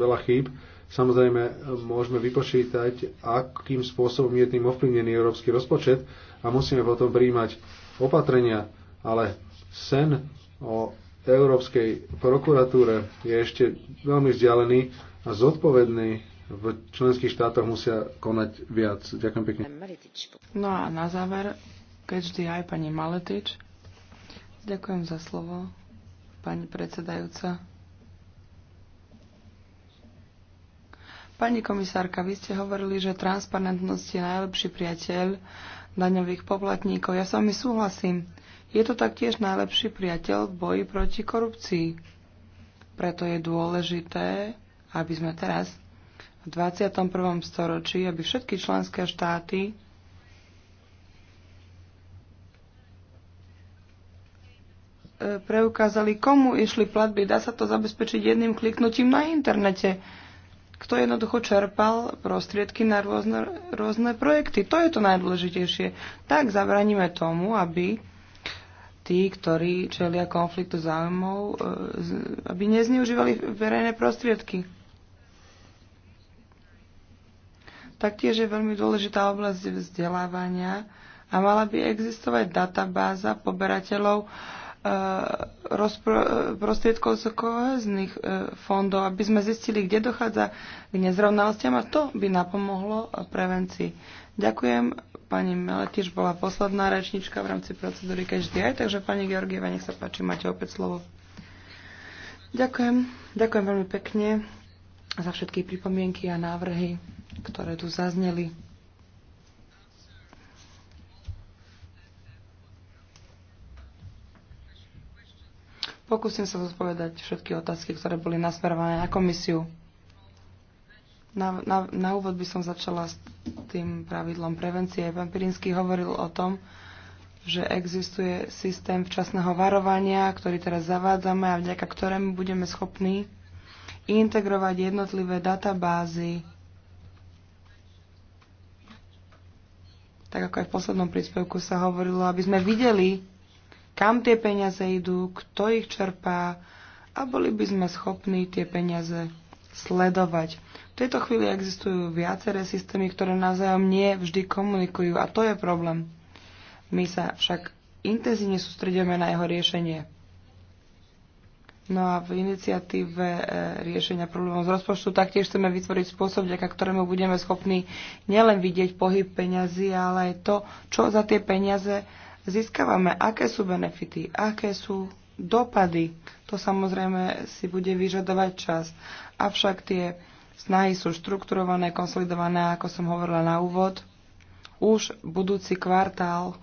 veľa chýb Samozrejme, môžeme vypočítať, akým spôsobom je tým ovplyvnený európsky rozpočet a musíme potom príjmať opatrenia, ale sen o Európskej prokuratúre je ešte veľmi vzdialený a zodpovedný v členských štátoch musia konať viac. Ďakujem pekne. No a na záver, keďže aj pani Maletič. Ďakujem za slovo, pani predsedajúca. Pani komisárka, vy ste hovorili, že transparentnosť je najlepší priateľ daňových poplatníkov. Ja s vami súhlasím. Je to taktiež najlepší priateľ v boji proti korupcii. Preto je dôležité, aby sme teraz, v 21. storočí, aby všetky členské štáty e, preukázali, komu išli platby. Dá sa to zabezpečiť jedným kliknutím na internete kto jednoducho čerpal prostriedky na rôzne, rôzne projekty. To je to najdôležitejšie. Tak zabraníme tomu, aby tí, ktorí čelia konfliktu záujmov, e, aby nezneužívali verejné prostriedky. Taktiež je veľmi dôležitá oblasť vzdelávania a mala by existovať databáza poberateľov E, e, prostriedkov z kohezných e, fondov, aby sme zistili, kde dochádza k nezrovnalostiam a to by napomohlo prevencii. Ďakujem. Pani Meletiš bola posledná rečnička v rámci procedúry aj, takže pani Georgieva, nech sa páči, máte opäť slovo. Ďakujem. Ďakujem veľmi pekne za všetky pripomienky a návrhy, ktoré tu zazneli. Pokúsim sa zodpovedať všetky otázky, ktoré boli nasmerované na komisiu. Na, na, na úvod by som začala s tým pravidlom prevencie. Pán Pirinsky hovoril o tom, že existuje systém včasného varovania, ktorý teraz zavádzame a vďaka ktorému budeme schopní integrovať jednotlivé databázy tak ako aj v poslednom príspevku sa hovorilo, aby sme videli, kam tie peniaze idú, kto ich čerpá a boli by sme schopní tie peniaze sledovať. V tejto chvíli existujú viaceré systémy, ktoré navzájom nie vždy komunikujú a to je problém. My sa však intenzívne sústredíme na jeho riešenie. No a v iniciatíve e, riešenia problémov z rozpočtu taktiež chceme vytvoriť spôsob, vďaka ktorému budeme schopní nielen vidieť pohyb peňazí, ale aj to, čo za tie peniaze získavame, aké sú benefity, aké sú dopady. To samozrejme si bude vyžadovať čas. Avšak tie snahy sú štrukturované, konsolidované, ako som hovorila na úvod. Už budúci kvartál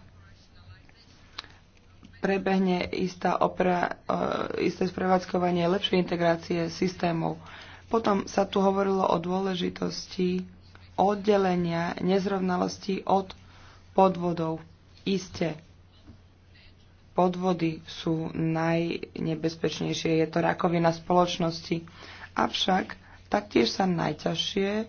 prebehne istá opera, e, isté sprevádzkovanie lepšej integrácie systémov. Potom sa tu hovorilo o dôležitosti oddelenia nezrovnalostí od podvodov. Isté podvody sú najnebezpečnejšie. Je to rakovina spoločnosti. Avšak taktiež sa najťažšie e,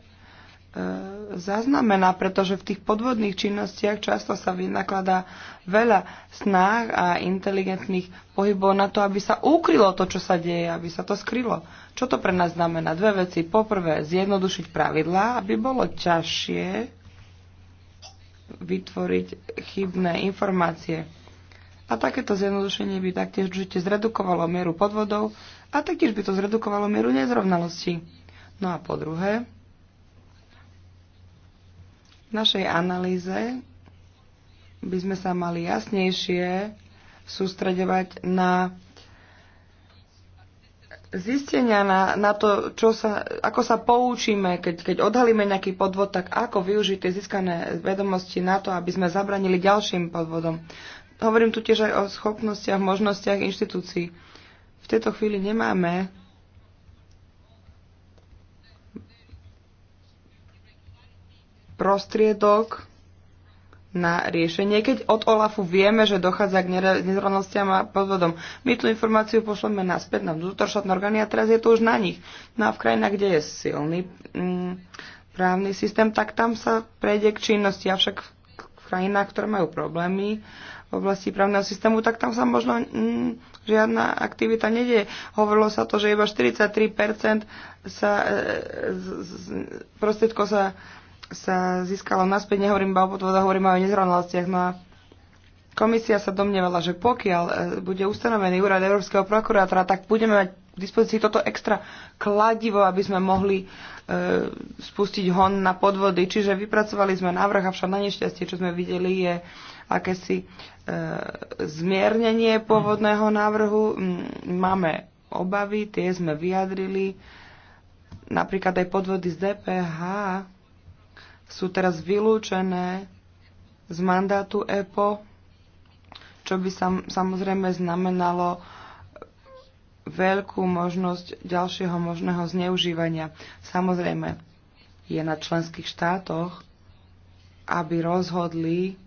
zaznamená, pretože v tých podvodných činnostiach často sa vynakladá veľa snách a inteligentných pohybov na to, aby sa ukrylo to, čo sa deje, aby sa to skrylo. Čo to pre nás znamená? Dve veci. Poprvé, zjednodušiť pravidlá, aby bolo ťažšie vytvoriť chybné informácie a takéto zjednodušenie by taktiež určite zredukovalo mieru podvodov a taktiež by to zredukovalo mieru nezrovnalosti. No a po druhé, v našej analýze by sme sa mali jasnejšie sústredovať na zistenia na, na to, čo sa, ako sa poučíme, keď, keď odhalíme nejaký podvod, tak ako využiť tie získané vedomosti na to, aby sme zabranili ďalším podvodom. Hovorím tu tiež aj o schopnostiach, možnostiach inštitúcií. V tejto chvíli nemáme prostriedok na riešenie, keď od OLAFu vieme, že dochádza k nezrovnostiam a podvodom. My tú informáciu pošleme naspäť na vnútroštátne orgány a teraz je to už na nich. No a v krajinách, kde je silný mm, právny systém, tak tam sa prejde k činnosti. Avšak v krajinách, ktoré majú problémy oblasti právneho systému, tak tam sa možno mm, žiadna aktivita nedie. Hovorilo sa to, že iba 43% sa, e, prostriedko sa, sa získalo naspäť, nehovorím iba o podvodoch, hovorím aj o nezrovnalostiach. No a komisia sa domnievala, že pokiaľ e, bude ustanovený úrad Európskeho prokurátora, tak budeme mať k dispozícii toto extra kladivo, aby sme mohli e, spustiť hon na podvody. Čiže vypracovali sme návrh, avšak na nešťastie, čo sme videli, je akési e, zmiernenie pôvodného návrhu. Máme obavy, tie sme vyjadrili. Napríklad aj podvody z DPH sú teraz vylúčené z mandátu EPO, čo by sam, samozrejme znamenalo veľkú možnosť ďalšieho možného zneužívania. Samozrejme, je na členských štátoch, aby rozhodli,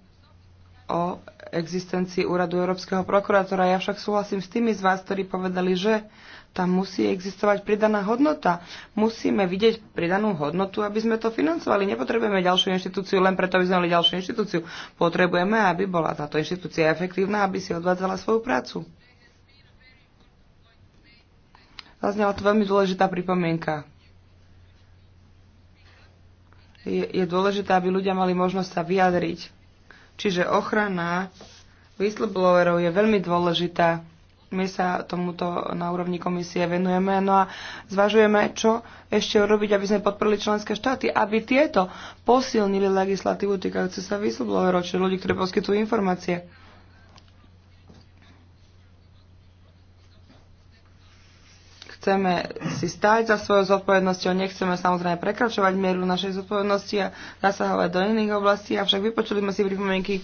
o existencii úradu Európskeho prokurátora. Ja však súhlasím s tými z vás, ktorí povedali, že tam musí existovať pridaná hodnota. Musíme vidieť pridanú hodnotu, aby sme to financovali. Nepotrebujeme ďalšiu inštitúciu len preto, aby sme mali ďalšiu inštitúciu. Potrebujeme, aby bola táto inštitúcia efektívna, aby si odvádzala svoju prácu. Zaznela to veľmi dôležitá pripomienka je, je dôležité, aby ľudia mali možnosť sa vyjadriť. Čiže ochrana whistleblowerov je veľmi dôležitá. My sa tomuto na úrovni komisie venujeme no a zvažujeme, čo ešte urobiť, aby sme podporili členské štáty, aby tieto posilnili legislatívu týkajúcu sa whistleblowerov, čiže ľudí, ktorí poskytujú informácie. chceme si stáť za svojou zodpovednosťou, nechceme samozrejme prekračovať mieru našej zodpovednosti a zasahovať do iných oblastí, avšak vypočuli sme si pripomienky e,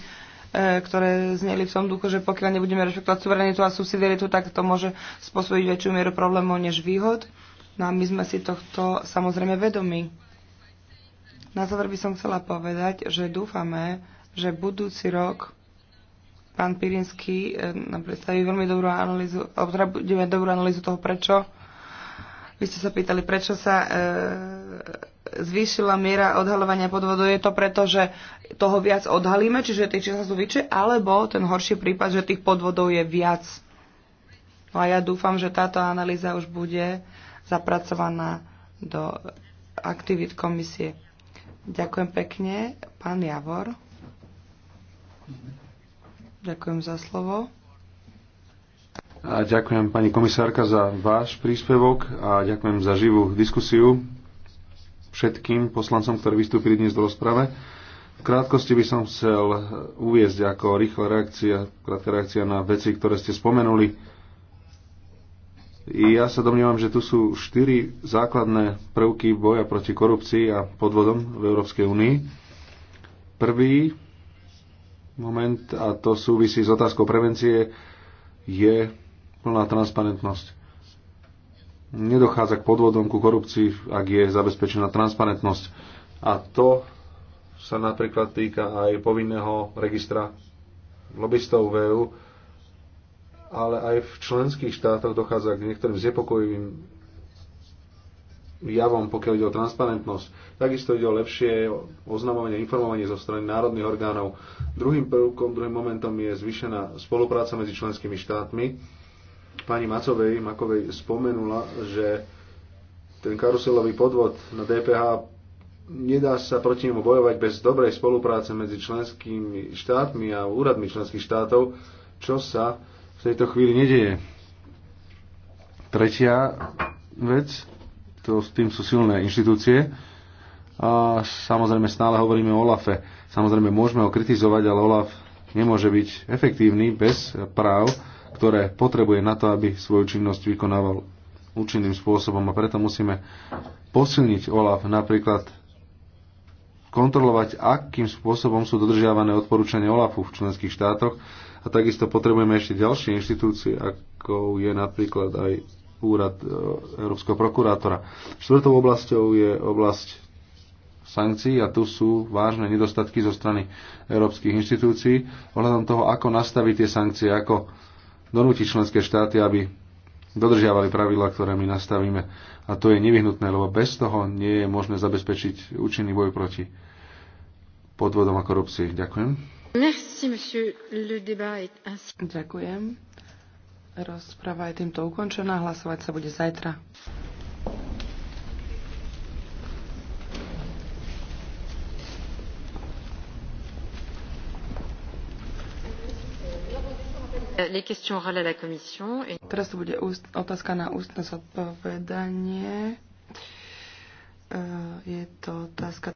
ktoré zneli v tom duchu, že pokiaľ nebudeme rešpektovať suverenitu a subsidiaritu, tak to môže spôsobiť väčšiu mieru problémov než výhod. No a my sme si tohto samozrejme vedomi. Na záver by som chcela povedať, že dúfame, že budúci rok pán Pirinský e, nám predstaví veľmi dobrú analýzu, teda budeme dobrú analýzu toho, prečo vy ste sa pýtali, prečo sa e, zvýšila miera odhalovania podvodu. Je to preto, že toho viac odhalíme, čiže tie čísla sú vyššie, alebo ten horší prípad, že tých podvodov je viac. No a ja dúfam, že táto analýza už bude zapracovaná do aktivít komisie. Ďakujem pekne. Pán Javor. Ďakujem za slovo. A ďakujem pani komisárka za váš príspevok a ďakujem za živú diskusiu všetkým poslancom, ktorí vystúpili dnes do rozprave. V krátkosti by som chcel uviezť ako rýchla reakcia, krátka reakcia na veci, ktoré ste spomenuli. Ja sa domnievam, že tu sú štyri základné prvky boja proti korupcii a podvodom v Európskej únii. Prvý moment, a to súvisí s otázkou prevencie, je plná transparentnosť. Nedochádza k podvodom, ku korupcii, ak je zabezpečená transparentnosť. A to sa napríklad týka aj povinného registra lobbystov v EU, ale aj v členských štátoch dochádza k niektorým znepokojivým javom, pokiaľ ide o transparentnosť. Takisto ide o lepšie oznamovanie, informovanie zo strany národných orgánov. Druhým prvkom, druhým momentom je zvýšená spolupráca medzi členskými štátmi pani Macovej, Makovej spomenula, že ten karuselový podvod na DPH nedá sa proti nemu bojovať bez dobrej spolupráce medzi členskými štátmi a úradmi členských štátov, čo sa v tejto chvíli nedieje. Tretia vec, to, s tým sú silné inštitúcie, a samozrejme stále hovoríme o OLAFe. Samozrejme môžeme ho kritizovať, ale OLAF nemôže byť efektívny bez práv ktoré potrebuje na to, aby svoju činnosť vykonával účinným spôsobom. A preto musíme posilniť OLAF napríklad kontrolovať, akým spôsobom sú dodržiavané odporúčania OLAFu v členských štátoch a takisto potrebujeme ešte ďalšie inštitúcie, ako je napríklad aj úrad e, Európskeho prokurátora. Štvrtou oblasťou je oblasť sankcií a tu sú vážne nedostatky zo strany európskych inštitúcií ohľadom toho, ako nastaviť tie sankcie, ako donútiť členské štáty, aby dodržiavali pravidla, ktoré my nastavíme. A to je nevyhnutné, lebo bez toho nie je možné zabezpečiť účinný boj proti podvodom a korupcii. Ďakujem. Merci, monsieur. Le débat est ainsi. Ďakujem. Rozpráva je týmto ukončená. Hlasovať sa bude zajtra. Teraz to bude otázka na ústne zodpovedanie. E, je to otázka